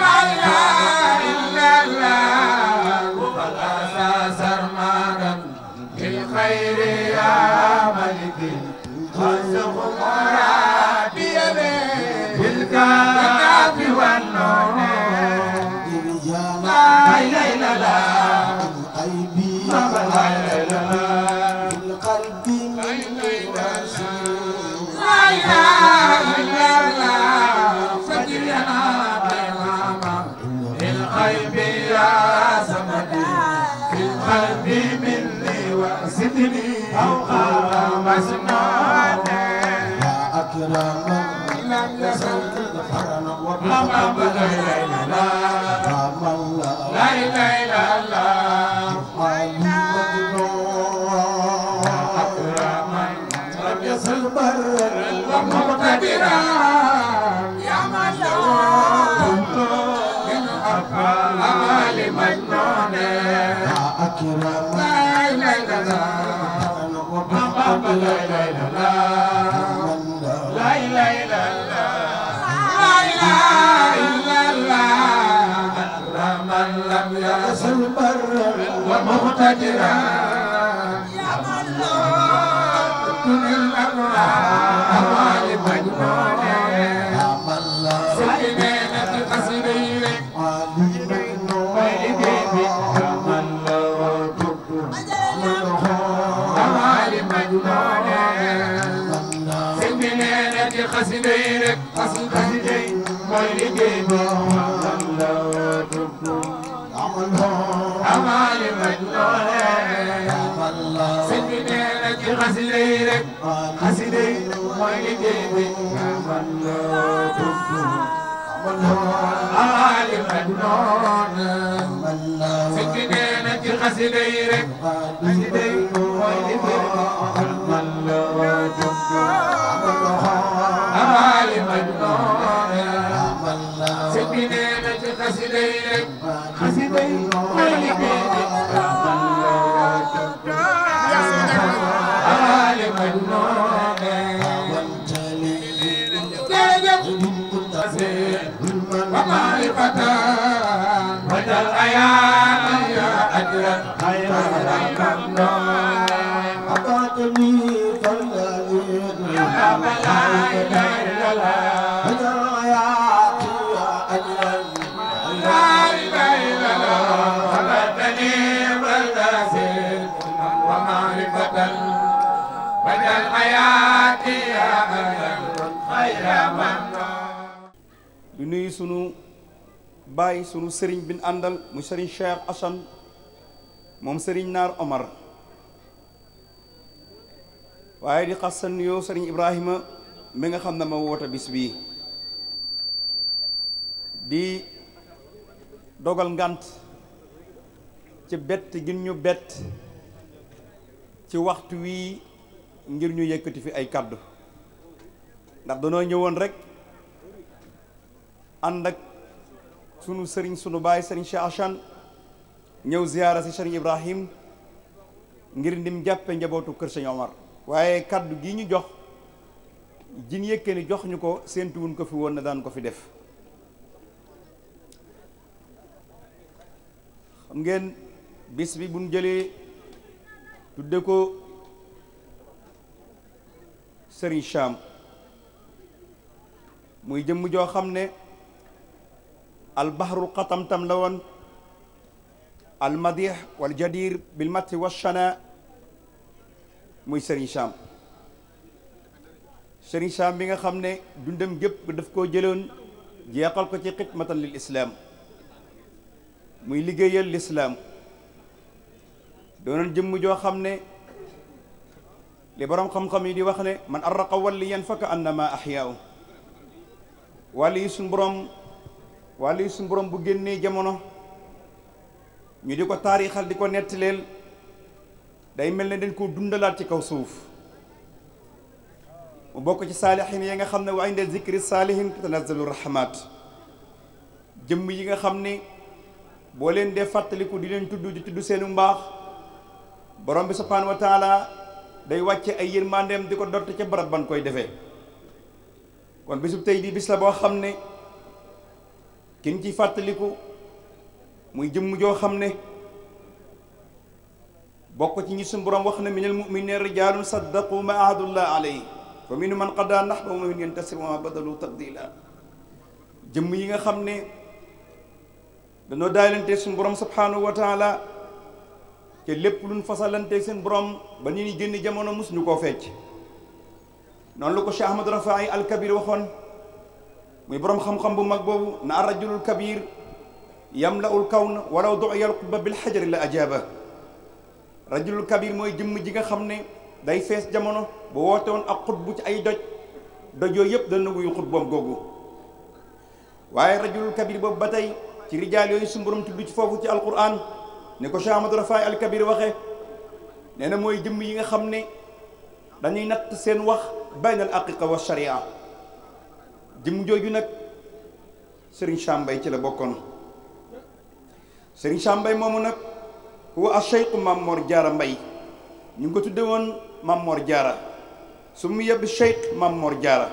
la la مسنون يا أكرم من لم يسل حرما وبلا بغير لنا البر ومقتدرا يا الله كن الأبرار أوالي مجنونا xasida yi rek xasida yi mooy liggéey bi nga man loo tudd man loo nee na ci xasida yi rek xasida yi mooy liggéey bi man loo tudd man loo sunu bàyyi sunu sëriñ bin àndal mu sëriñ Cheikh Assane moom sëriñ Naar Omar waaye di xas sa nuyoo sëriñ Ibrahima mi nga xam ne ma woote bis bii di dogal ngànt ci bett gin ñu bett ci waxtu wii ngir ñu yëkkati fi ay kàddu ndax danoo ñëwoon rek ànd ak sunu sëriñ sunu baay sëriñ Cheikh Achane ñëw ziyaara si sëriñ Ibrahim ngir ndim jàppe njabootu kër sëriñ Omar waaye kàddu gi ñu jox jin yëkkee ni jox ñu ko séentuwuñ ko fi woon na daan ko fi def xam ngeen bis bi buñ jëlee tudde ko sëriñ Cham muy jëmm joo xam ne albahrul xatam tam la woon almadih wal jadir bil matti washana muy Serigne Sam Serigne Sam bi nga xam ne dundam gépp def koo jëloon jeexal ko ci xidmatan lil islaam muy liggéeyal lislaam doonoon jëmm joo xam ne li boroom xam-xam yi di wax ne man arraqa walliyan faka annama ahyaahu wàlli yi suñ boroom wàllu suñu borom bu génnee jamono ñu di ko taarixal di ko nettaleel day mel ne dañ koo dundalaat ci kaw suuf mu bokk ci saalihin yi nga xam ne wa inda zikri saalihin tanazzalu rahmat jëmm yi nga xam ne boo leen dee fàttaliku di leen tudd di tudd seenu mbaax borom bi subhaanahu wa day wàcce ay yërmandeem di ko dott ca barab ban koy defee kon bisub tey di bis la boo xam ne kin ci fàttaliku muy jëmm joo xam ne bokk ci ñi suñ borom wax na minal mu'minina rijaalun saddaqu ma ahadullah alayhi fa minhum man qadaa nahbahu wa minhum man yantasir wa ma badalu tabdila jëmm yi nga xam ne dañoo daalante suñu borom subhanahu wa taala te lépp luñ fasalante seen borom ba ñu ni génn jamono mosuñu koo fecc noonu la ko Cheikh Ahmad Rafaay al waxoon muy boroom xam-xam bu mag boobu na arrajulul kabir yamlaul kawna walaw duya alqubba bilxajari la ajaaba rajulul kabir mooy jëmm ji nga xam ne day fees jamono bu woote woon ak xutbu ci ay doj doj yooyu yëpp dana wuyu xutboom googu waaye rajulul kabir boobu ba tey ci rijaal yooyu suñu borom tudd ci foofu ci alquran ni ko Cheikh Amadou Rafaay alkabir waxee nee na mooy jëmm yi nga xam ne dañuy natt seen wax baynal aqiqa wa sharia jëmm jooju nag sëriñ Sàmbay ci la bokkoon sëriñ Sàmbay moomu nag huwa ash-shaykhu Mamor Jaara Mbay ñu ngi ko tudde woon Mamor Jaara su mu yebbi shaykh Mamor Jaara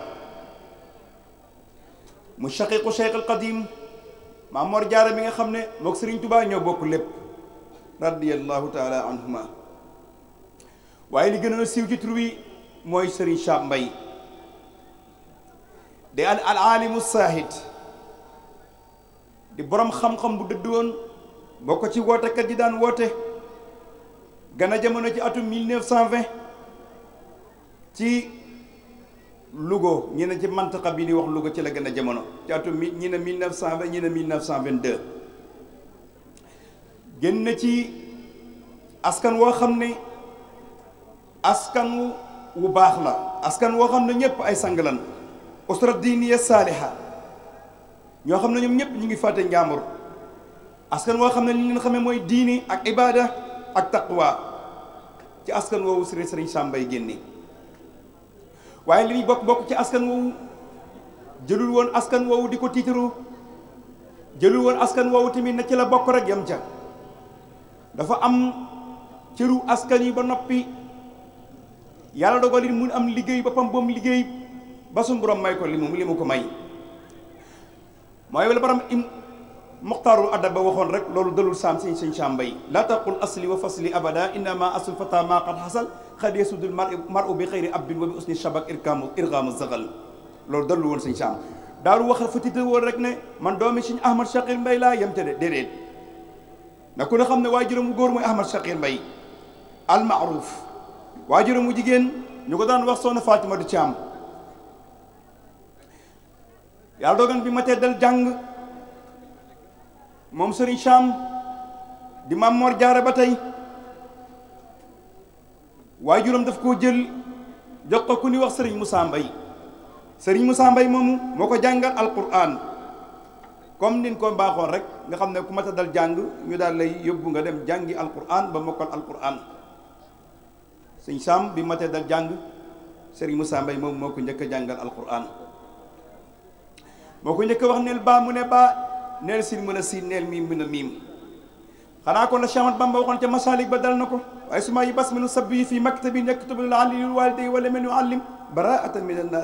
mu shaqiiqu shaykh al qadim Mamor Jaara bi nga xam ne moo sëriñ Tubaa ñoo bokk lépp radiyallahu taala anhuma waaye li gën a siiw ci tur wi mooy sëriñ Sàmbay day al alimu saahid di boroom xam-xam bu dëdd woon boo ko ci wootekat yi daan woote gën jamono ci atum 1920 ci Louga ñi ne ci mantaka bi ni wax Louga ci la gën a jamono ci atum mi ñi ne 1920 ñi ne 1922 génn ci askan woo xam ne askan baax la askan woo xam ñëpp ay sang usra diiniya saaliha ñoo xam ne ñoom ñëpp ñu ngi fàtte njàmbur askan woo xam ne li leen xamee mooy diini ak ibaada ak taqwa ci askan woowu sëriñ sàmba sàmbay génne waaye li ñu bokk bokk ci askan woowu jëlul woon askan woowu di ko tiitaru jëlul woon askan woowu tamit na ci la bokk rek yam ca dafa am cëru askan yi ba noppi yàlla dogal it mun am liggéey boppam boom liggéey ba suñu borom may ko li mu ko may mooy wala borom im muxtaarul adab ba waxoon rek loolu dalul saam siñ siñ sàmbay laa taqul asli wa fasli abada innama asul fata ma qad xasal xad yasudul maru bi xayri abdin wa bi usni shabak irkaamu irgaamu loolu dalul woon siñ sàmm daal wax fa tiital rek ne man doomi siñ ahmad shaqir mbay laa yem te de na ku ne xam ne waajuram mu góor mooy ahmad shaqir mbay al maaruf waajuram mu jigéen ñu ko daan wax soxna Fatima du Caam yàlla dogal bi ma tee jàng moom sëriñ Cham di maam Mor Jaara ba tey waaye waajuram daf koo jël jox ko ku ni wax sëriñ Moussa Mbaye sëriñ Moussa Mbaye moomu moo ko jàngal alquran comme nin ko mbaaxoon rek nga xam ne ku ma ta dal jàng ñu daal lay yóbbu nga dem jàngi alquran ba mokkal alquran sëñ Cham bi ma tee dal jàng sëriñ Moussa Mbaye moomu moo ko njëkk a jàngal alquran moo ko njëkk wax neel baa mu ne baa neel sin mën a siin neel miim mën a miim xanaa kon la Cheikh Ahmad Bamba ba dal na ko waaye su maa yi bas minu sabb yi fii maktabi yaktubu lil ali lil waliday wala men yuallim nee na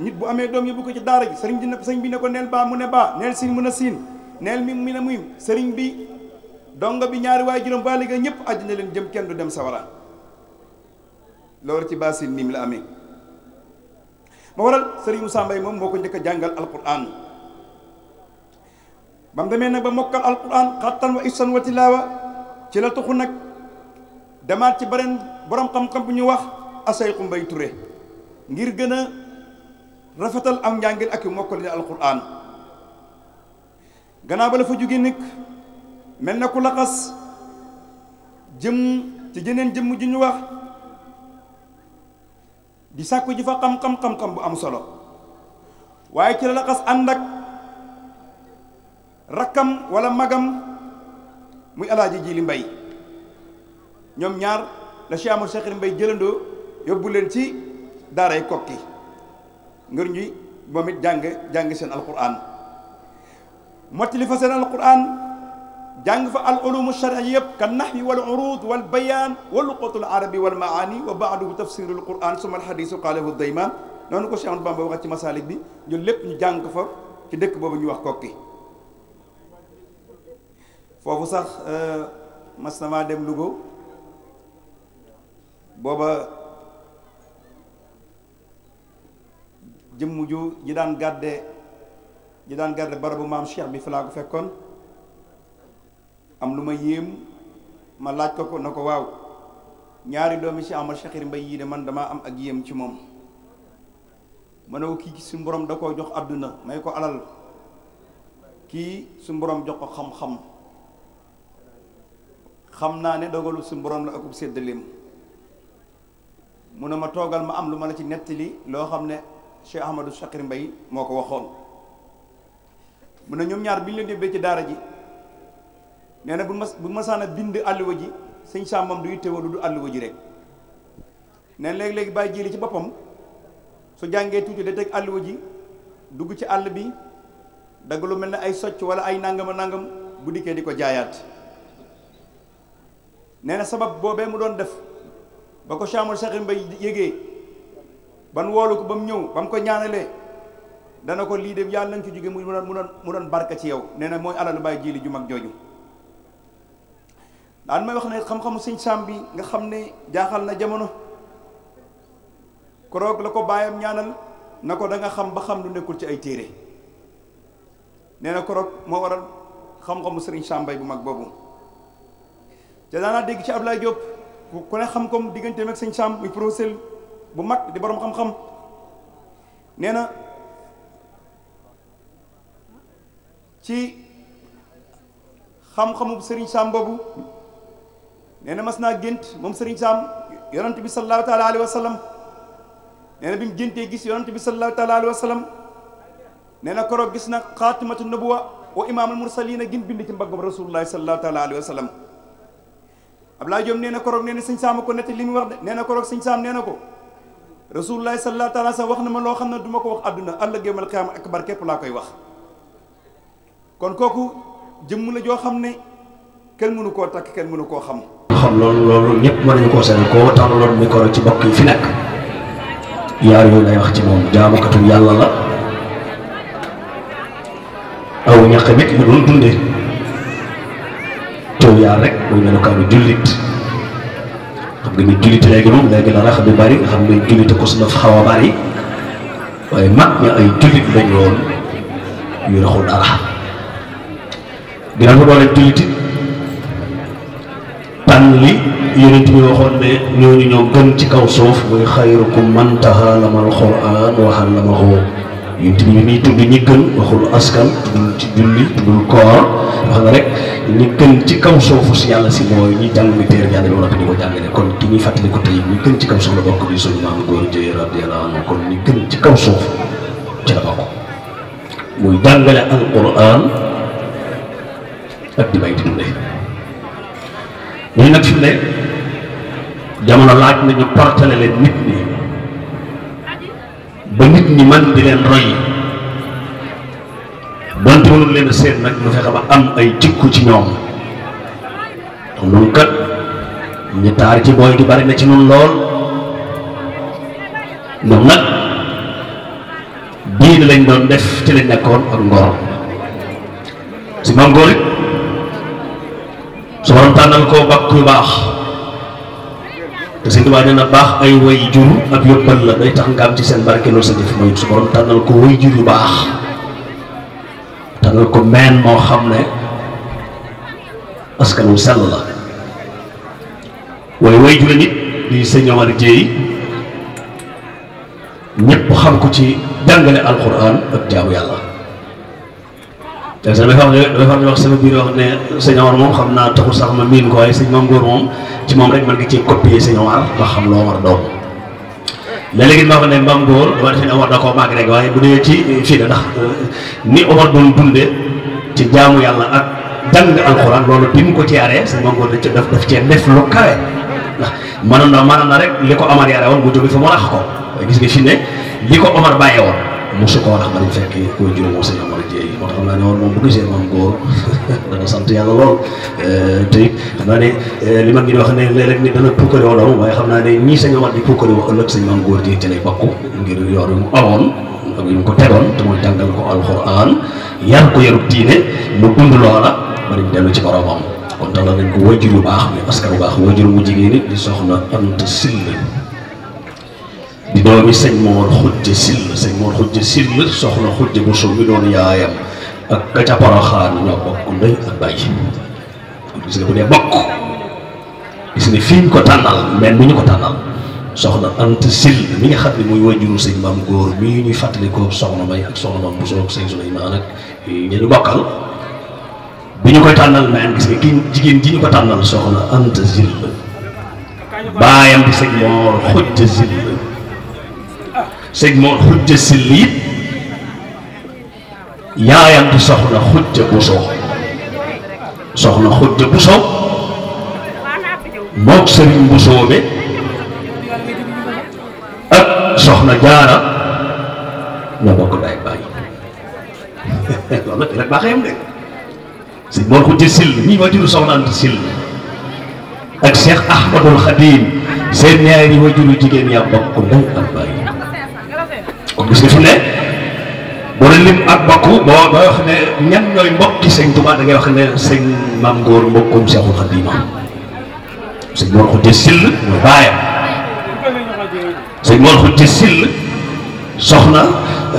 nit bu amee doom yóbbu ko ci daara ji sëriñ bi ne sëriñ bi ne ko neel baa mu ne siin a siin neel miim mën a miim sëriñ bi donga bi ñaari waaye juróom ba liggéey ñëpp àddina leen jëm kenn du dem sawara loolu ci baasin miim la amee ba waral sëriñ Moussa Mbaye moom moo ko njëkk a jàngal alquran ba mu demee nag ba mokkal alquran xattan wa ihsan wa tilaawa ci la tuxu nag demaat ci beneen boroom xam-xam bu ñu wax asayku Mbay Ture ngir gën a rafetal am njàngil ak yu mokkal ni alquran gannaaw ba la fa jóge nekk mel na ku laxas jëm ci jeneen jëmm ju ñu wax di sàkku ji fa xam-xam xam-xam bu am solo waaye ci la laxas ànd ak rakkam walla magam muy alaaji ji li mbay ñoom ñaar la Cheikh Amadou Sakhir Mbay jëlandoo yóbbu leen ci daaray kokki ngir ñuy moom it jàng jàng seen alquran mottali fa seen alquran jàng fa al ulumu charia yëpp ka nahwi wal urud wal bayaan wa luqatul arabi wal maani wa baaduhu tafsirul quran suma alhadisu qaalahu dayman noonu ko Cheikh Ahmadou Bamba waxat ci masalik bi ñun lépp ñu jàng fa ci dëkk boobu ñu wax kokki foofu sax euh, mas na dem Louga booba jëmm ju ji daan gàdde ji daan gàdde barabu maam Cheikh bi fa laa fekkoon am lu ma yéem ma laaj ko ko na ko waaw ñaari doomi Cheikh Ahmad Sakhir mbay yii de man damaa am ak yéem ci moom mën ne ko kii suñu mboroom da koo jox àdduna may ko alal kii su mboroom jox ko xam-xam xam naa ne dogalu su borom la sedd séddaleem mu ne ma toogal ma am lu ma la ci nettali loo xam ne Cheikh Ahmadou Sakhir mbay moo ko waxoon mu ne ñoom ñaar bi ñu leen débbee ci daara ji nee na bu ma bu masaan a bind ji sëñ Sam moom du yittewoo lu du ji rek nee léegi-léegi bàyyi jili ci boppam su jàngee tuuti da teg àlluwa ji dugg ci àll bi dagg lu mel ne ay socc wala ay nangama nangam bu dikkee di ko jaayaat nee na sabab boobee mu doon def ba ko Saamul Saxir Mbay yégee ban woolu ko ba mu ñëw ba mu ko ñaanalee dana ko lii de yàlla nañ ci jóge mu doon mu doon mu doon barka ci yow nee na mooy alal bay jili ju mag jooju daan may wax ne xam-xamu sëñ Sam bi nga xam ne jaaxal na jamono koroog la ko baayam ñaanal na ko danga xam ba xam lu nekkul ci ay téere nee na koroog moo waral xam-xamu sëriñ Sam Mbaye bu mag boobu te dégg ci Abdoulaye xam comme digganteem ak sëñ Sam muy professeur bu mag di borom xam-xam nee na ci xam-xamu sëriñ Sam boobu nee na mas naa gént moom sëriñ Saam yonent bi sallallahu taala alayhi wa bi mu géntee gis yonent bi sallallahu taala alayhi wa sallam nee na koroog gis na xaatimatu nubuwa wa imaamul a gin bind ci mbaggam rasulullahi sallallahu taala alayhi wa sallam Abdoulaye Diop nee na koroog nee na sëñ Saam ko li muy wax de na koroog sëñ Saam na ko rasulullahi sallallahu taala sax wax na ma loo xam ne duma ko wax àdduna àll géemal xiyaama akbar képp laa koy wax kon kooku jëmm la joo xam ne kenn mënu koo takk kenn mënu koo xam xam loolu loolu ñëpp mën nañu koo seen koo tàllaloon micro ci mbokk yi fi nekk yaar yooyu lay wax ci moom jaamukatu yàlla la aw ñaqamit mu doon dundee taw yaar rek muy melukaanu jullit xam nga ni jullit léegi moom ko su xaw waaye mag ña ay jullit lañ woon yu raxul dara dina ko doole jullit tànn li yonent bi waxoon ne ñooñu ñoo gën ci kaw suuf muy xayrukum man ta'allama al-Qur'an wa 'allamahu yonent bi muy tudd ñi gën waxul askan tuddul ci julli tuddul koor wax na rek ñi gën ci kaw suufu si yàlla si mooy ñi jàng mi ko kon ki ñuy fàttali ko tey ñi gën ci kaw suuf la bokk di suñu ci kaw suuf ci la bokk muy jàngale al-Qur'an ak di may di dundee ñun nag fi ne jamono laaj na ñu portale leen nit ñi ba nit ñi man di leen roy donte mënul leen seet nag ñu fexe ba am ay jikko ci ñoom loolu kat ñu taar ci booy gi bari na ci ñun lool ñoom nag diine lañ doon def ci lañ nekkoon ak ngor si ma ngor it su borom tànnal koo bàkk yu baax te sëñ Tuubaa nee na baax ay way jur ak yóbbal la day tax nga ci seen barke loolu sa jëf mooy su borom tànnal ko way jur yu baax tànnal ko meen moo xam ne askan wu sell la waaye way jure nit di sëñ Omar Jéey ñëpp xam ko ci jàngale alquran ak jaamu yàlla te sax dafa am dafa am wax sama biir wax ne sëñ Omar moom xam naa taxul sax ma miin ko waaye sëñ Mame Goor moom ci moom rek man nga ci copier sëñ Omar ba xam loo war a doon léeg-léeg it ma wax ne Mame Goor dafa def ne Omar da koo màgg rek waaye bu dee ci fii la ndax euh, ni Omar doon dundee ci jaamu yàlla ak jàng alxuraan loolu bi mu ko ci yaree sëñ Mame Goor dafa daf cee def lu kawe ndax mënoon na mënoon na rek li ko Omar yaree woon mu jóge fi mu rax ko gis nga fi ne li ko Omar bàyyee woon. mu ko wax man fekk sant yàlla lool euh, te it xam euh, li mag ñi wax ne léeg-léeg ni dana waaye xam naa ne ñii sëñ Amar di pukkale woo ëllëg sëñ Maam Góor Dieye ci lay bokk ngir yoon yu mu awoon ak mu ko tegoon te mooy mu dund baax mais askan baax wajur mu jigéen it di soxna Anta Sylla di doomi sëñ Mor Xujje Sill sëñ Mor Xujje Sill soxna Xujje bu sum bi doon yaayam ak ka ca Poroxaan ñoo bokk ndey ak bàyyi gis nga bu dee bokk gis nga fii ñu ko tànnal mel ni ñu ko soxna Anta Sill nga xam ne muy wajuru sëñ soxna may ak soxna maam bu soog sëñ Suleymaan ak ñu bokkal bi ñu koy tànnal meen gis nga kii jigéen ji ñu ko tànnal soxna Anta Sill baayam di sëñ Mor Xujje Sill sëñ moom xujja sill it yaayam di soxna xujja buso soxna xujja buso mook sëriñ buso bi ak soxna jaara ñoo bokk day bàyyi loolu nag rek baaxee am wajuru soxna anti sill ak Cheikh Ahmadul Xadim seen ñaari wajuru jigéen yaa bokk day ak bàyyi kon gis nga fi mu ne boo leen lim ak bakku boo ba wax ne ñan ñooy mbokki sëñ Tuubaa da wax ne sëñ maam Góor mbokkum Seexul Xadiim sëñ Mor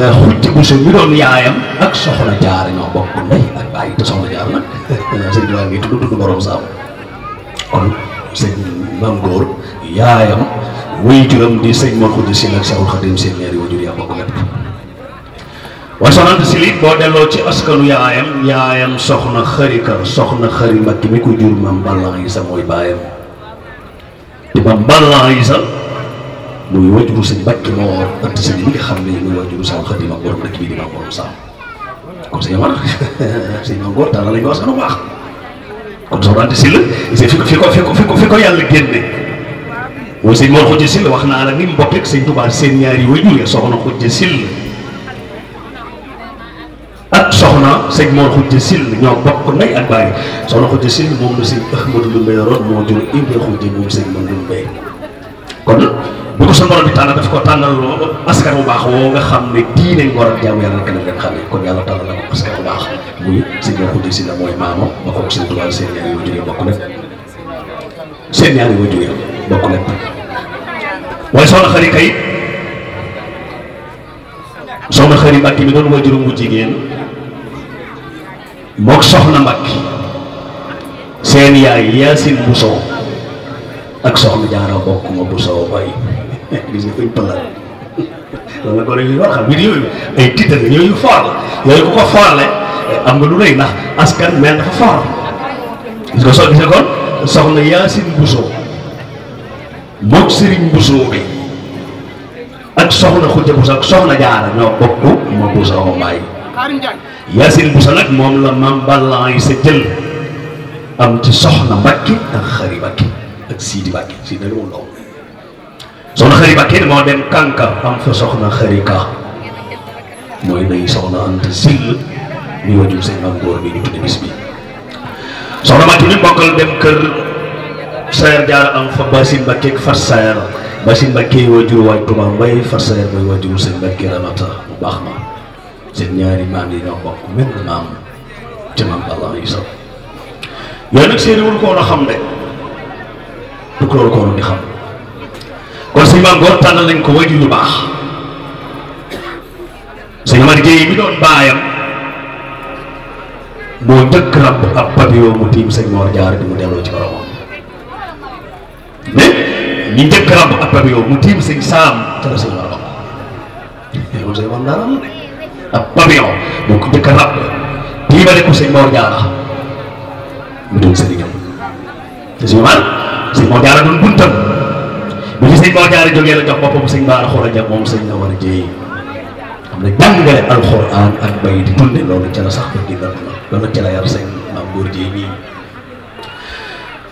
eh, doon yaayam ak soxna Jaara ñoo bokk ndey ak baay te soxna Jaara nag eh, sëñ Tuubaa ngi tudd tudd borom saabu kon sëñ maam yaayam wéy juram di sëñ Mor Xuuja Sill ak Seexul Xadiim seen ñaari moo ko métti waaye boo delloo ci askanu yaayam yaayam soxna xarika soxna xari Mbàkke mi ko jur maam Ballan Isa mooy baayam te maam Ballan Isa muy wajuru sëñ Mbàkke moo Anta Sylla mi nga xam ne muy wajuru Sëñ Xaadim ak borom dëkk bi di maam borom saam kon sëñ Amar sëñ Maam Góor taala kon soxna Anta Sylla fi ko fi ko fi ko yàlla génne mooy sëñ Mor Khoudia wax naa la ni mbokk ak sëñ Touba soxna Khoudia Sylla ak soxna sëñ Mor Khoudia ñoo bokk ndey ak bàyyi soxna Khoudia Sylla moom la sëñ Ahmadou Ndoumbe kon bu ko ko tànnal loo askan bu baax woo nga a ngeen xam ne ko askan bu baax muy sëñ Mor mooy maama ba ko sëñ Touba seen ñaari waajur ya bokk lépp seen ñaari waajur waaye soxna xari kay soxna xari mbàkki mi doon wajurum bu jigéen mook soxna mbàkki seen yaay yaasin busoo ak soxna jaara bokk ma busoo bay gis nga koy pëlal ko ko foorle am nga lu rëy ndax askan mel dafa foor gis nga soo gisee kon soxna mook sëriñ Bousso bi ak soxna Khoudia Bousso ak soxna Jaara ñoo bokk ma Bousso Mbaye Yacine Bousso nag moom la maam Balla yi sa jël am ci soxna Mbacke ak Xari Mbacke ak Sidi Mbacke Sidi nag moom la woon soxna Xari Mbacke moo dem Kànkar am fa soxna Xari Ka mooy nay soxna Anta Sill ñu wajul seen góor bi ñu tudde bis bi soxna Mbacke ñu bokkal dem kër Sayar Diarra am fa Basine Mbakke ak Fass Sayar Basine Mbakke waajur waaj Touba Mbaye Fass Sayar mooy waajur seen Mbakke Ramata bu baax ma seen ñaari maam yi ñoo bokk mel ni maam te maam Balla Issa yooyu nag seen wul ko woon a xam de du ko woon xam kon sëñ maam Góor tànn ko waajur yu baax sëñ Amar Gueye mi doon baayam moo njëkk rab ab papillon mu tiim sëñ Mor Diarra di mu delloo ci boromam. mais ñi njëkk ak pavillon mu tiim sëñ saam ca la sëñ war a bokk eh, mu sëñ jëkk naa ràbb ab pavillon boo a ràbb tiimale ko sëñ Mor Jaara mu doon sëriñam te sëñ Mor sëñ Mor Jaara doon buntam bi fi sëñ Mor a jógee la jox boppam sëñ Baara Xora Jam moom sëñ la war a jéey xam ne jàngale alxuraan ak bay di loolu ca sax ba di loolu la ca la yar sëñ maam góor jéey ñii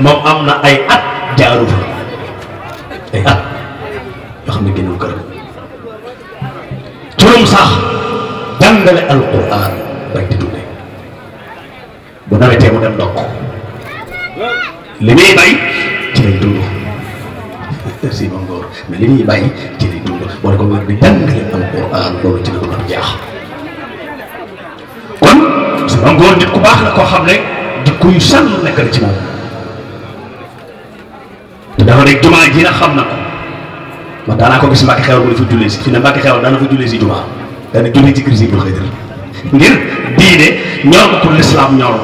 moom am na ay at jaaru fa ay eh, at ah. yoo xam ne génnul kër turum sax jàngale alquran bañ di dundee bu nawetee mu dem ndokk li muy bay ci li muy bay ko war di jàngale alquran loolu ci la ko doon jaax kon si moom nit ku baax la koo xam ne di kuy sànn nekk na ci moom te dafa ne jumaa ji nag xam na ko man daanaa ko gis mbàkk xew bu ne fa jullee si fi ne mbàkk xew daana fa jullee si jumaa daana jullee ci kër si bu xëytër ngir diine ñor ko pour l'islam ñor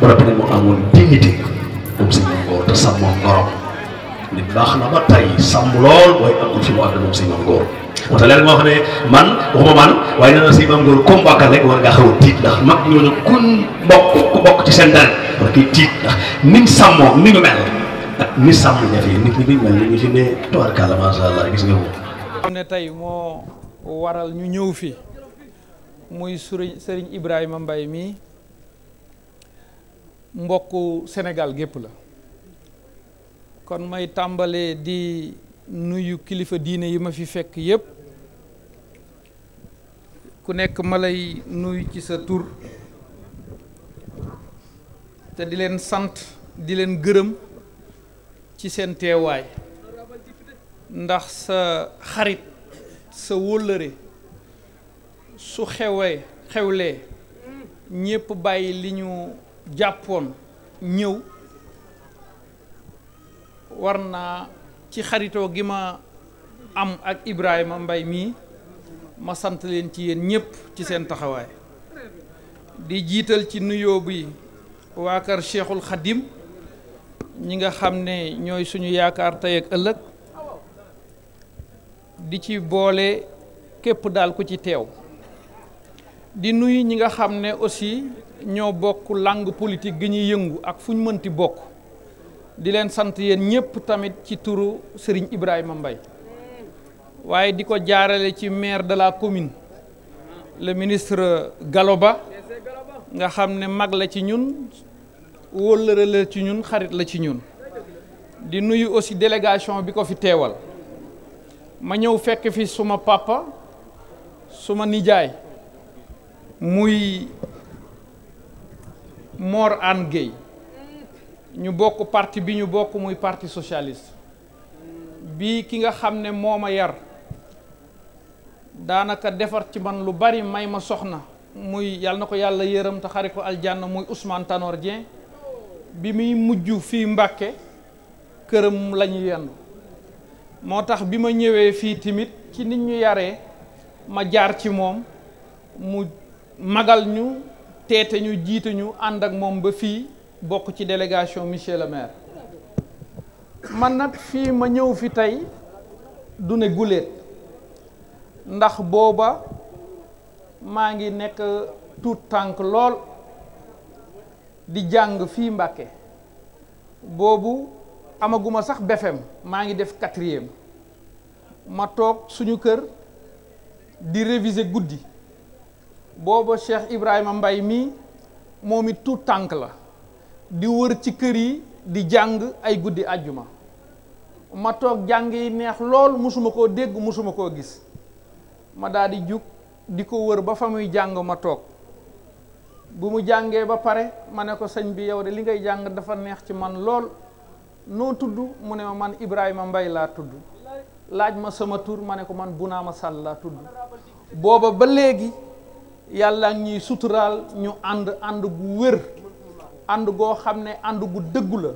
ba noppi nag mu amoon dignité moom sëñ Mangor te sàmmoon ngorom nit baax na ba tey sàmm lool waaye amul fi mu àgg moom sëñ Mangor moo tax leen moo xam ne man ma man waaye nee na sëñ Mangor comme bàkkal rek war ngaa xaw tiit ndax mag ñooñu kuñ bokk ku bokk ci seen dara war ni sàmm ñafe ne tey moo waral ñu ñëw fi muy sëriñ sëriñ Ibrahima Mbaye mii mbokku Sénégal gépp la kon may tàmbalee di nuyu kilifa diine yi ma fi fekk yépp ku nekk ma lay nuyu ci sa tur te di leen sant di leen gërëm. ci seen teewaay ndax sa xarit sa wóllëre su xewe xewlee ñépp bàyyi li ñu jàppoon ñëw war naa ci xaritoo gi ma am ak Ibrahima mbay mii ma sant leen ci yéen ñépp ci seen taxawaay di jiital ci nuyoo bi waa kër Cheikhul Khadim ñi nga xam ne ñooy suñu yaakaar tey ak ëllëg di ci boole képp daal ku ci teew di nuyu ñi nga xam ne aussi ñoo bokk langue politique gi ñuy yëngu ak fu mënti bokk di leen sant yéen ñëpp tamit ci turu Serigne Ibrahima mbay waaye di ko jaarale ci maire de la commune le ministre Galoba nga xam ne mag la ci ñun wóllëre la ci ñun xarit la ci ñun di nuyu aussi délégation bi ko fi teewal ma ñëw fekk fi suma papa suma nijaay muy Mor An Gueye ñu bokk parti bi ñu bokk muy parti socialiste bii ki nga xam ne moo ma yar daanaka defar ci man lu bari may ma soxna muy yàlla na ko yàlla yërëm te xari ko aljanna muy Ousmane Tanor Dieng bi muy mujj fii Mbàkke këram lañu yendu moo tax bi ma ñëwee fii timit ci nit ñu yare ma jaar ci moom mu magal ñu teete ñu jiite ñu ànd ak moom ba fii bokk ci délégation monsieur maire man nag fii ma ñëw fi tey du ne guléet ndax booba maa ngi nekk tuut tànk lool di jàng fii Mbàkke boobu amaguma sax BFEM maa ngi def quatrième ma toog suñu kër di réviser guddi booba Cheikh Ibrahima Mbay mii moom it tu tànk la di wër ci kër yi di jàng ay guddi àjjuma ma toog jàng yi neex lool musuma koo dégg musuma koo gis ma daal di jug di ko wër ba fa muy jàng ma toog bu mu jàngee ba pare ma ne ko sëñ bi yow de li ngay jàng dafa neex ci man lool noo tudd mu ne ma man Ibrahima Mbay laa tudd laaj ma sama tur ma ne ko man Bunaama Sàll laa tudd booba ba léegi yàlla ñuy suturaal ñu ànd ànd gu wér ànd goo xam ne ànd gu dëggu la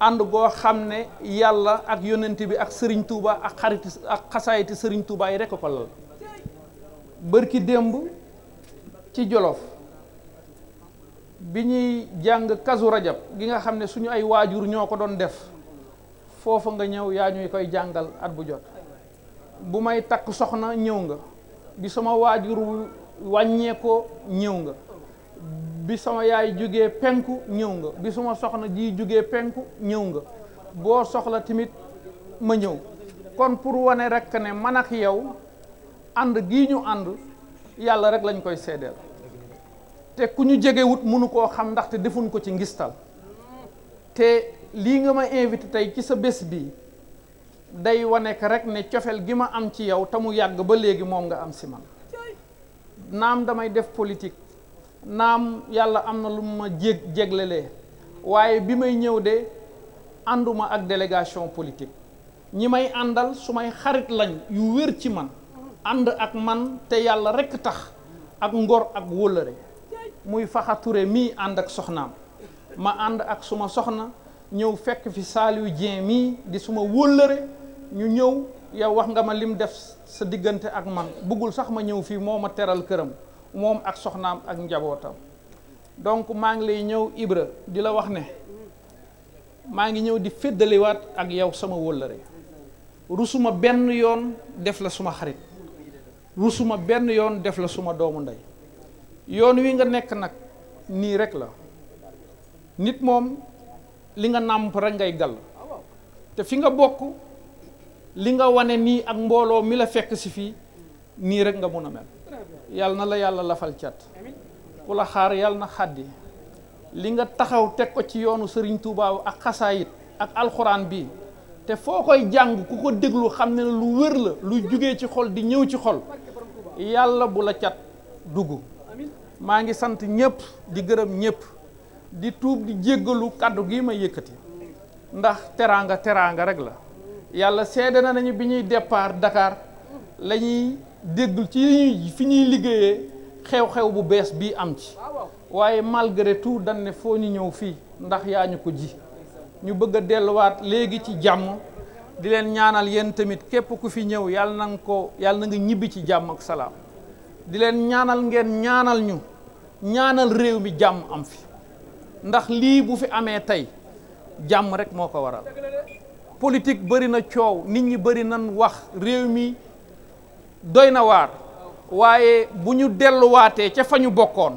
ànd goo xam ne yàlla ak yonent bi ak sëriñ Touba ak xariti ak xasaayiti sëriñ Touba yi rekk ko lal bërki démb ci Jolof bi ñuy jàng kasu rajab gi nga xam ne suñu ay waajur ñoo ko doon def foofa nga ñëw yaa ñuy koy jàngal at bu jot bu may takk soxna ñëw nga bi sama waajur wàññeekoo ñëw nga bi sama yaay jógee penku ñëw nga bi sama soxna ji jógee penku ñëw nga boo soxla tamit ma ñëw kon pour wane rek ne man ak yow ànd gii ñu ànd yàlla rek lañ koy seddeel te ku ñu jegewut mënu koo xam ndaxte defuñ ko ci ngistal te lii nga ma invité tey ci sa bés bi day wanek rek ne cofeel gi ma am ci yow te mu yàgg ba léegi moom nga am si man naam damay def politique naam yàlla am na lu ma jég jéglelee waaye bi may ñëw de ànduma ak délégation politique ñi may àndal su may xarit lañ yu wér ci man ànd ak man te yàlla rekk tax ak ngor ak wóllëre muy faxa mii ànd ak soxnaam ma ànd ak suma soxna ñëw fekk fi Saliou Dieng mii di suma wóllëre ñu ñëw yow wax nga ma lim def sa diggante ak man bëggul sax ma ñëw fii moo ma teral këram moom ak soxnaam ak njabootam donc maa ngi lay ñëw Ibra di la wax ne maa ngi ñëw di féddaliwaat ak yow sama wóllëre rusuma benn yoon def la suma xarit rusuma benn yoon def la suma doomu ndey yoon wi nga nekk nag nii rek la nit moom li nga nàmp rek ngay gal te fi nga bokk li nga wane nii ak mbooloo mi la fekk si fii nii rek nga mun a mel yàlla na la yàlla lafal cat ku la xaar yàlla na xàddi li nga taxaw teg ko ci yoonu sëriñ Touba ak xasaayit ak alxuraan bi te foo koy jàng ku ko déglu xam ne lu wér la lu jugee ci xol di ñëw ci xol yàlla bu la cat dugg maa ngi sant ñëpp di gërëm ñëpp di tuub di jéggalu kàddu gi ma yëkkati ndax teraanga teraanga rek la yàlla seede na nañu bi ñuy départ dakaar lañuy ñuy ci fi ñuy liggéeyee xew-xew bu bees bii am ci waaye malgre tout dañ ne foo ñu ñëw fii ndax yaa ñu ko ji ñu bëgg a delluwaat léegi ci jàmm di leen ñaanal yéen tamit képp ku fi ñëw yàlla ko yàlla na nga ñibbi ci jàmm ak salaam di leen ñaanal ngeen ñaanal ñu ñaanal réew mi jàmm am fi ndax lii bu fi amee tey jàmm rek moo ko waral politik bëri na coow nit ñi bëri nan wax réew mi doy na waat waaye bu ñu delluwaatee ca fa ñu bokkoon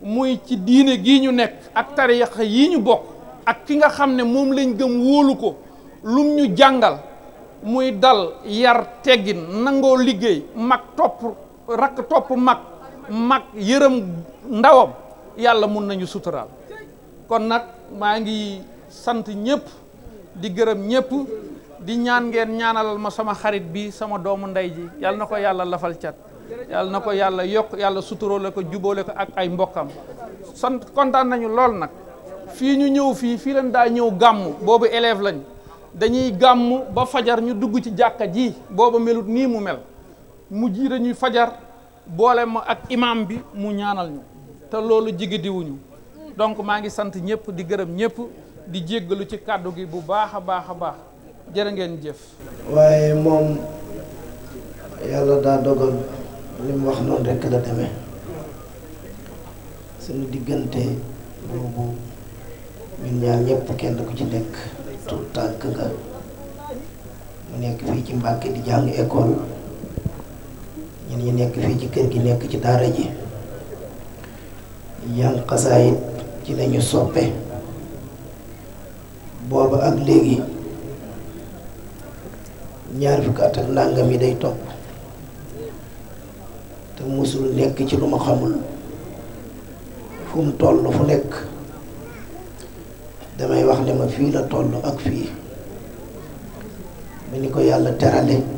muy ci diine gi ñu nekk ak tarixa yi ñu bokk ak ki nga xam ne moom lañ gëm wóolu ko lu ñu jàngal muy dal yar teggin nangoo liggéey mag topp rakk topp mag mag yërëm ndawam yàlla mun nañu suturaal kon nag maa ngi sant ñëpp di gërëm ñëpp di ñaan ngeen ñaanalal ma sama xarit bi sama doomu ndey ji yàlla na ko yàlla lafal cat yàlla na ko yàlla yokk yàlla suturoole ko juboole ko ak ay mbokkam sant kontaan nañu lool nag fii ñu ñëw fii fii leen daa ñëw gàmm boobu élève lañ dañuy gàmm ba fajar ñu dugg ci jàkka ji booba melut nii mu mel mu jiite fajar boole ma ak imam bi mu ñaanal ñu te loolu jigédiwuñu donc maa ngi sant ñëpp di gërëm ñëpp di jéggalu ci kàddu gi bu baax a baax a baax jërë ngeen jëf. waaye moom yàlla daa dogal li wax noonu rekk la demee suñu diggante boobu ñun ñaar ñëpp kenn ku ci nekk tout nga mu nekk fii ci Mbàkke di jàng école. ñun ñu nekk fii ci kër gi nekk ci daara ji yan ci lañu soppe booba ak léegi ñaar fukki at ak yi day topp te musul nekk ci lu ma xamul fu mu fu nekk damay wax ne ma fii la toll ak fii mu ni ko yàlla terale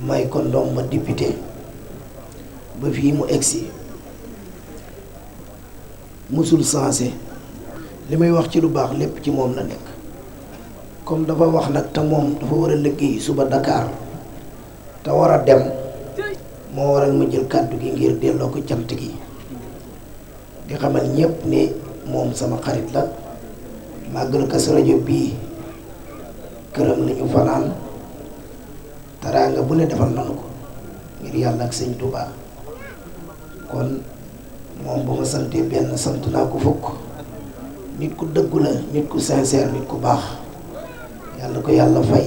may ko ba député ba fii mu egsi musul sensé li may wax ci lu baax lépp ci moom la nekk comme dafa wax nag te moom dafa war a liggéey suba Dakar te war a dem moo waral ma jël kàddu gi ngir delloo ko cant gi di xamal ñépp ni moom sama xarit la màggal Kazu Rajab bii këram lañu fanaan teraanga bu ne defal nanu ko ngir yàlla ak sëñ Tuubaa kon moom bu ma santee benn sant naa ko fukk nit ku dëggu la nit ku sincère nit ku baax yàlla ko yàlla fay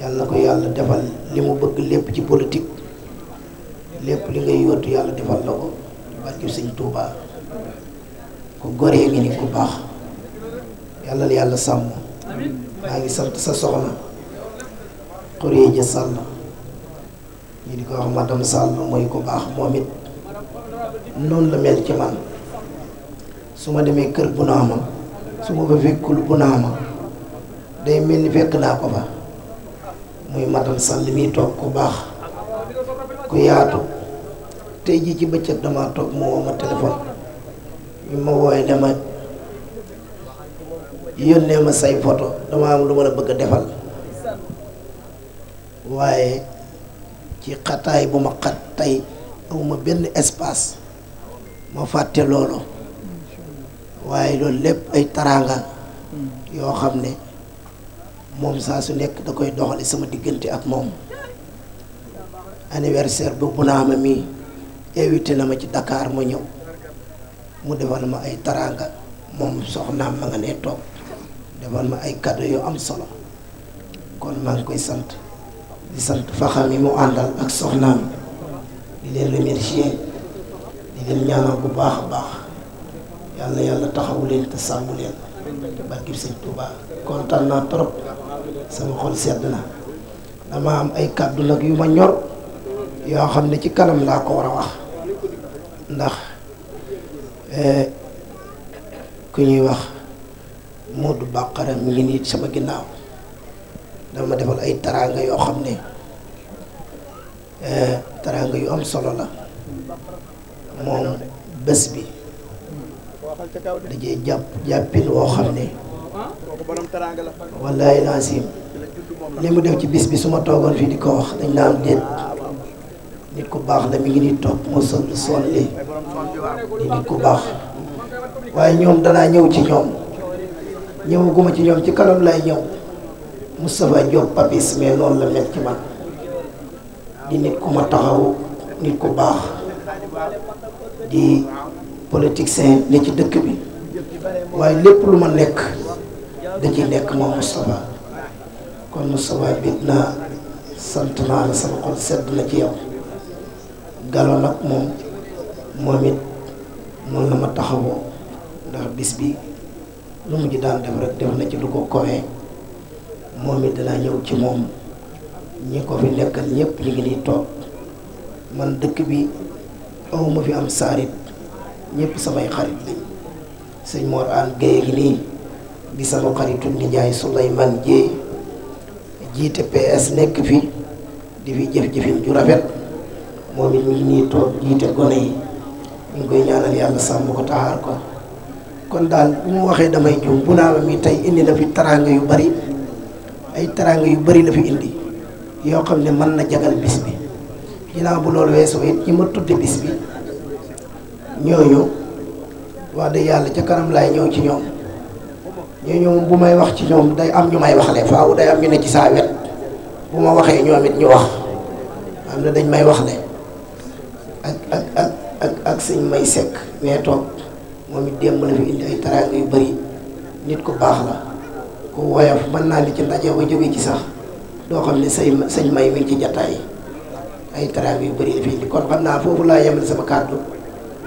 yàlla ko yàlla defal li mu bëgg lépp ci politique lépp li ngay yóotu yàlla defal la ko barke sëñ Tuubaa ku goree ngi ni ku baax yàlla la yàlla sàmm maa ngi sant sa soxna Khourédia Sall ñu di ko wax madame Sall mooy ku baax moom it noonu la mel ci man su ma demee kër bu naa ma su ma fekkul bu naa ma day mel ni fekk naa ko fa muy madame Sall mi toog ku baax ku yaatu te jii ci bëccëg damaa toog mu woo ma téléphone ma wooyee dama yónnee ma say photo dama am lu ma la bëgg a defal waaye ci xataay bu ma xat tey awma benn espace ma fàtte loolu waaye loolu lépp ay taraanga yoo xam ne moom saa su nekk da koy doxali sama diggante ak moom anniversaire bu bu naa ma mi invité na ma ci Dakar ma ñëw mu defal ma ay taraanga moom soxnaam ma nga ne toog defal ma ay cadeau yu am solo kon maa ngi koy sant di sant faxam yi mu àndal ak soxnaam di leen remercier di leen ñaanal bu baax a baax yàlla yàlla taxawu leen te sàmm leen barkib sëñ Touba kontaan naa trop sama xol sedd na dama am ay kàddu nag yu ma ñor yoo xam ne ci kanam laa ko war a wax ndax eh, ku ñuy wax Modou Bakara mi ngi nii sama ginnaaw dama ma defal ay taraanga yoo xam ne eh, taraanga yu am solo la moom bés bi dajee jàpp jàppin woo xam ne wallaay laasim li mu def ci bis bi su ma toogoon fii di ko wax dañ naa am nit ku baax la mi ngi ni toog moo sonn sonn li di nit ku baax waaye ñoom danaa ñëw ci ñoom ñëwaguma ci ñoom ci kanam lay ñëw Moustapha Diop Papis mais noonu la mel ci man di nit ku ma taxaw nit ku baax di politicien ne ci dëkk bi waaye lépp lu ma nekk da ci nekk moom Moustapha kon Moustapha bit na sant naa la sama xol sedd na ci yow galo nag moom moom it noonu la ma taxawoo ndax bis bi lu mu daan def rek def na ci lu ko kowee moom it danaa ñëw ci moom ñi ko fi nekkal ñëpp ñu ngi nii toog man dëkk bi awma fi am saarit ñépp samay xarit lañ sëñ Mor Aan Guèye gi nii di sama xaritu nijaay Souleymane Dieye jiite PS nekk fi di fi jëf-jëfin ju rafet moom it mi ngi nii toog jiite gone yi ñu ngi koy ñaanal yàlla sàmm ko taxaar ko kon daal bu mu waxee damay juum bu naa la mi tey indi na fi taraanga yu bari ay teraanga yu bari la fi indi yoo xam ne mën na jagal bis bi ginnaaw bu loolu weesoo it ñi ma tudde bis bi ñooñu wax dëgg yàlla ca kanam laay ñëw ci ñoom ñoo moom bu may wax ci ñoom day am ñu may wax waxle faaw day am ñu ne ci saa wet bu ma waxee ñoom it ñu wax am na dañ may wax ak ak ak ak ak sëñ may sekk mais toog moom it démb la fi indi ay teraanga yu bari nit ko baax la ku woyof mën naa li ci ndaje ba jóge ci sax doo xam ne say sëñ may mi ci jataay ay taraab yu bari la fi indi kon xam naa foofu laa yemal sama kàddu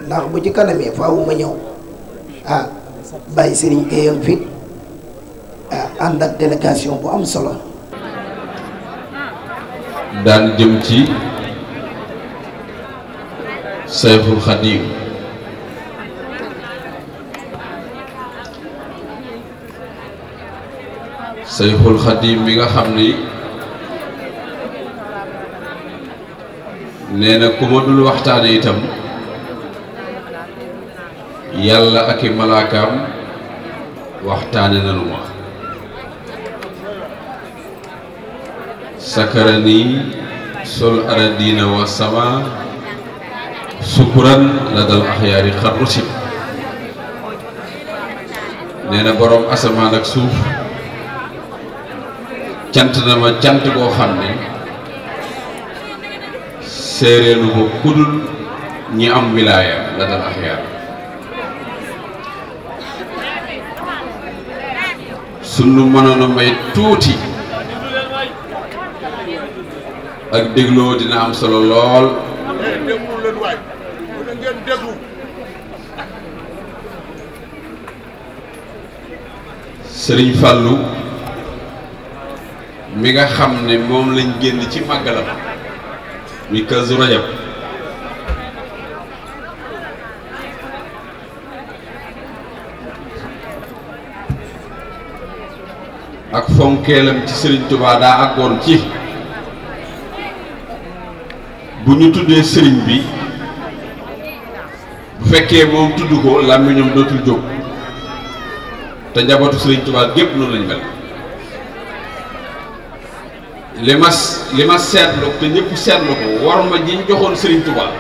ndax bu ci kanamee faaw ñëw ah bàyyi sëriñ Gueye fit ah ànd ak délégation bu am solo. daan jëm ci Sayful Xadim Sayxul Xadiim mi nga xam ni nee na ku ma dul waxtaane itam yàlla ak i malaakaam waxtaane nanu ma sakarani sol aradina wa sama sukuran la dal axyaari xarrusi nee na boroom asamaan ak suuf cant na cant koo xam ne séeréelu ko kudul ñi am wilaaya la dal axyaar sunu mënoon may tuuti ak dégloo dina am solo lool Sëriñ Fàllu mi nga xam ne moom lañ génn ci màggalam muy Kazu Rajab ak fonkeelam ci Serigne Touba daa akoon ci bu ñu tuddee sëriñ bi bu fekkee moom tudd ko làmmiñam dootul jóg te njabootu Serigne Touba gépp noonu lañ mel. li ma li ma seetlu te ñëpp seetlu ko war ma ji ñu joxoon Serigne Touba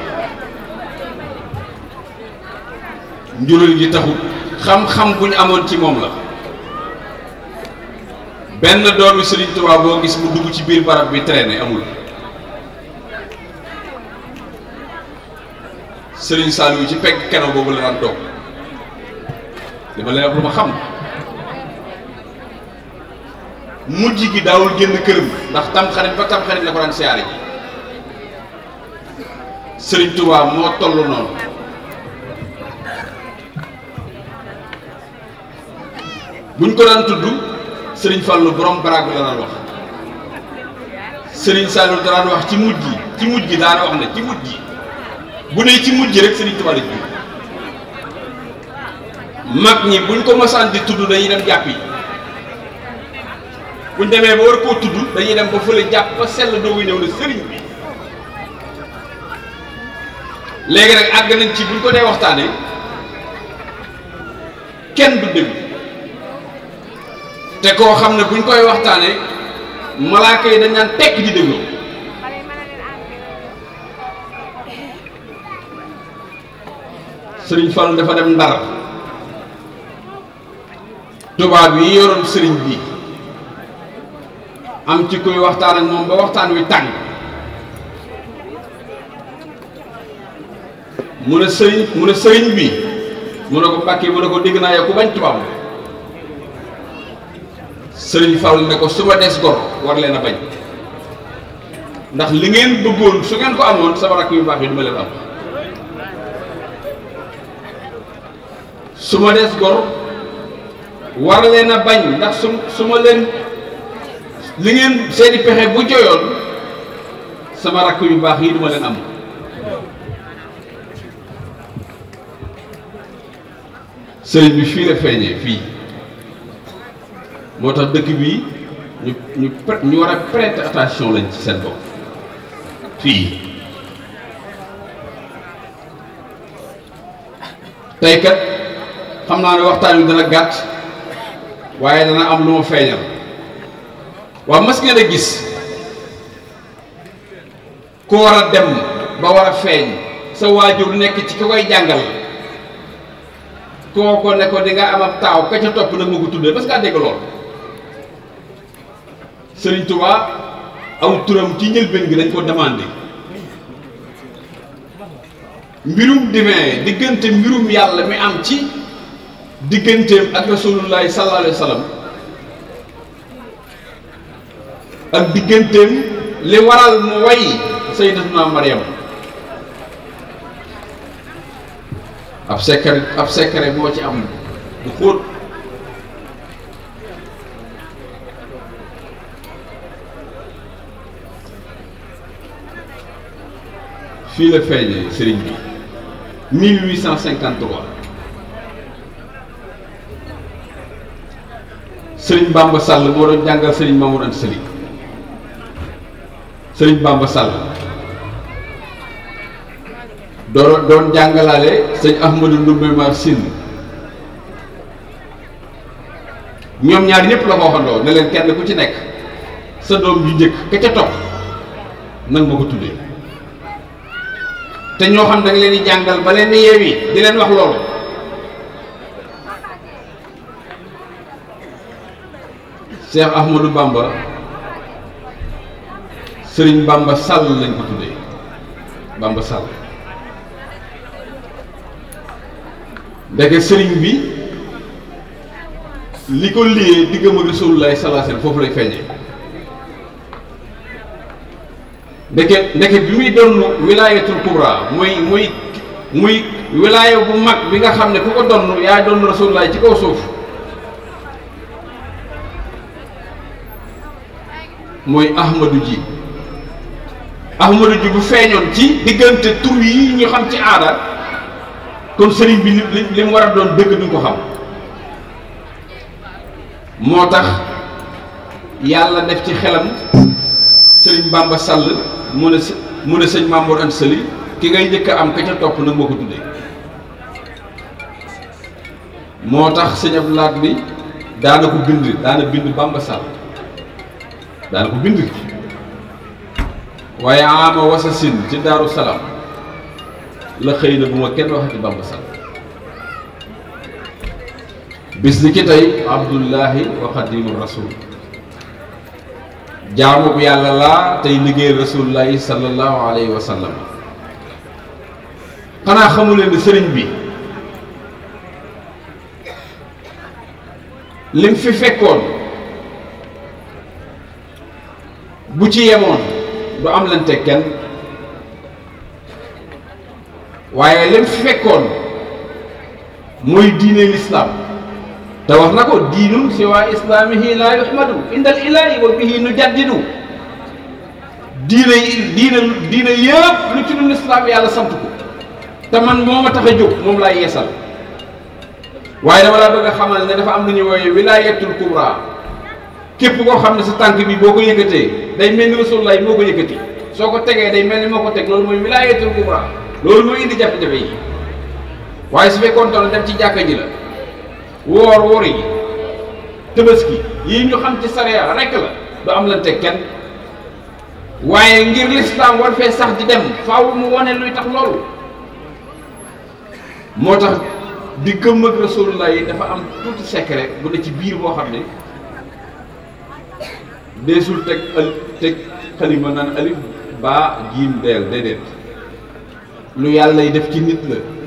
njulul taxut xam-xam bu ñu amoon ci moom la benn doomi Serigne Touba boo gis mu dugg ci biir barab bi traîné amul Serigne Saliou ci pegg keno boobu la daan toog li ma lay wax lu ma xam. mujj gi daawul génn këram ndax tamxarit ba tamxarit la ko daan siyaare ji Sëriñ Tuubaa moo toll noonu buñ ko daan tudd Sëriñ Fallu borom baraag bi daan wax Sëriñ Saliou daan wax ci mujj gi ci mujj gi daan wax ne ci mujj gi bu ne ci mujj rek Sëriñ Tuubaa la ji mag ñi buñ ko mosaan di tudd dañuy dem jàpp yi buñ demee ba war koo tudd dañuy dem ba fële jàpp ba sell doogu ñëw na sëriñ bi léegi nag àgg nañ ci buñ ko dee waxtaane kenn du dégg te koo xam ne buñ koy waxtaanee malaaka yi naan tekk di déglu sëriñ Fall dafa dem Ndar tubaab yi yoroon sëriñ bi am ci kuy waxtaan ak moom ba waxtaan wi tàng mu ne sëriñ mu ne sëriñ bi mu ne ko mbàkkee mu ne ko dégg naa yow ku bañ tubaab la sëriñ Fallu ne ko su ma des gor war leen a bañ ndax li ngeen bëggoon su ngeen amoon sama rakk su ma des gor war leen a bañ ndax su ma leen li ngeen seeni pexe bu joyoon sama rakk yu baax yi duma leen am sëriñ bi fii la feeñee fii moo tax dëkk bi ñu ñu ñu war a prêter attention lañ ci seen bopp fii tey xam naa ne waxtaan wi dana gàtt waaye dana am lu ma feeñal waa mas ngeen a gis ku war a dem ba war a feeñ sa waajur nekk ci ki koy jàngal kooko ne ko di nga am ab taaw ka ca topp nag ma ko tuddee parce que a dégg lool Sëriñ aw turam ci njëlbéen gi dañ ko demandé mbirum divin diggante mbirum yàlla mi am ci digganteem ak rasulullahi sallallahu alayhi wa sallam ak digganteem li waral mu way sayyidatuna Maryam ab secret ab secret moo ci am bu xóot fii la feeñee sëriñ bi 1853 sëriñ Bamba Sall moo doon jàngal sëriñ Mamour Anta Sali sëriñ Bamba Sall doon doon jàngalaale sëñ Ahmadou Ndoumbe Mar Sine ñoom ñaar ñëpp la ko waxandoo kenn ku ci nekk sa doom ju njëkk ka ca topp nag ma ko tuddee te ñoo xam da nga leen di jàngal ba leen di yeewi di leen wax loolu Cheikh Ahmadou Bamba sëriñ Bamba Sall lañ ko tuddee Bamba Sall ndeke sëriñ bi li ko liyee diggam ak Rasulullaahi foofu lay feeñee ndeke ndeke bi muy doon wilaayatul kubra muy muy muy wilaaya bu mag bi nga xam ne ku ko doon yaa doon Rasulullaahi ci kaw suuf mooy Ahmadu ji Ahmadou Diouf bu feeñoon ci diggante tur yi ñu xam ci aada kon sëriñ bi li li mu war a doon dëgg duñ ko xam moo tax yàlla def ci xelam sëriñ Bamba Sall mu ne mu ne sëñ Mamour Anta Sali ki ngay njëkk am ka ca topp nag moo ko tuddee moo tax sëñ Abdou Lahad bi daana ko bind daana bind Bamba Sall daana ko bind. waaye ama wasa sin ci daaru salaam la xëy na bu ma kenn waxati bamba sal bis ni ki tey abdullahi wa xadimu jaamu bu yàlla laa tey liggéey rasulullahi sallallahu alayhi wa sallam xanaa xamu leen ne sëriñ bi lim fi fekkoon bu ci yemoon du am lante kenn waaye lim fekkoon mooy diine lislaam te wax na ko diinum siwa islaamihi laa yuhmadu indal ilaahi wa bihi nu jaddidu diine diine diine yëpp lu ci dul lislaam yàlla sant ko te man moo ma tax a jóg moom laay yeesal waaye dama laa bëgg a xamal ne dafa am lu ñuy wooye wilaayatul kubra képp koo xam ne sa tànk bi boo ko yëkkatee day mel ni Rasulullah moo ko yëkkati soo ko tegee day mel ni moo ko teg loolu mooy wilaayatul kubra loolu mooy indi jafe-jafe yi waaye su fekkoon toll dem ci jàkka ji la woor woor yi tabaski yi ñu xam ci sariya rekk la du am lan teg kenn waaye ngir lislaam war fee sax di dem faw mu wane luy tax loolu moo tax di gëm ak Rasulullah yi dafa am tuuti secret bu ne ci biir boo xam ne deesul teg teg xalima naan alif baa jiim deel déedéet lu yàllay def ci nit la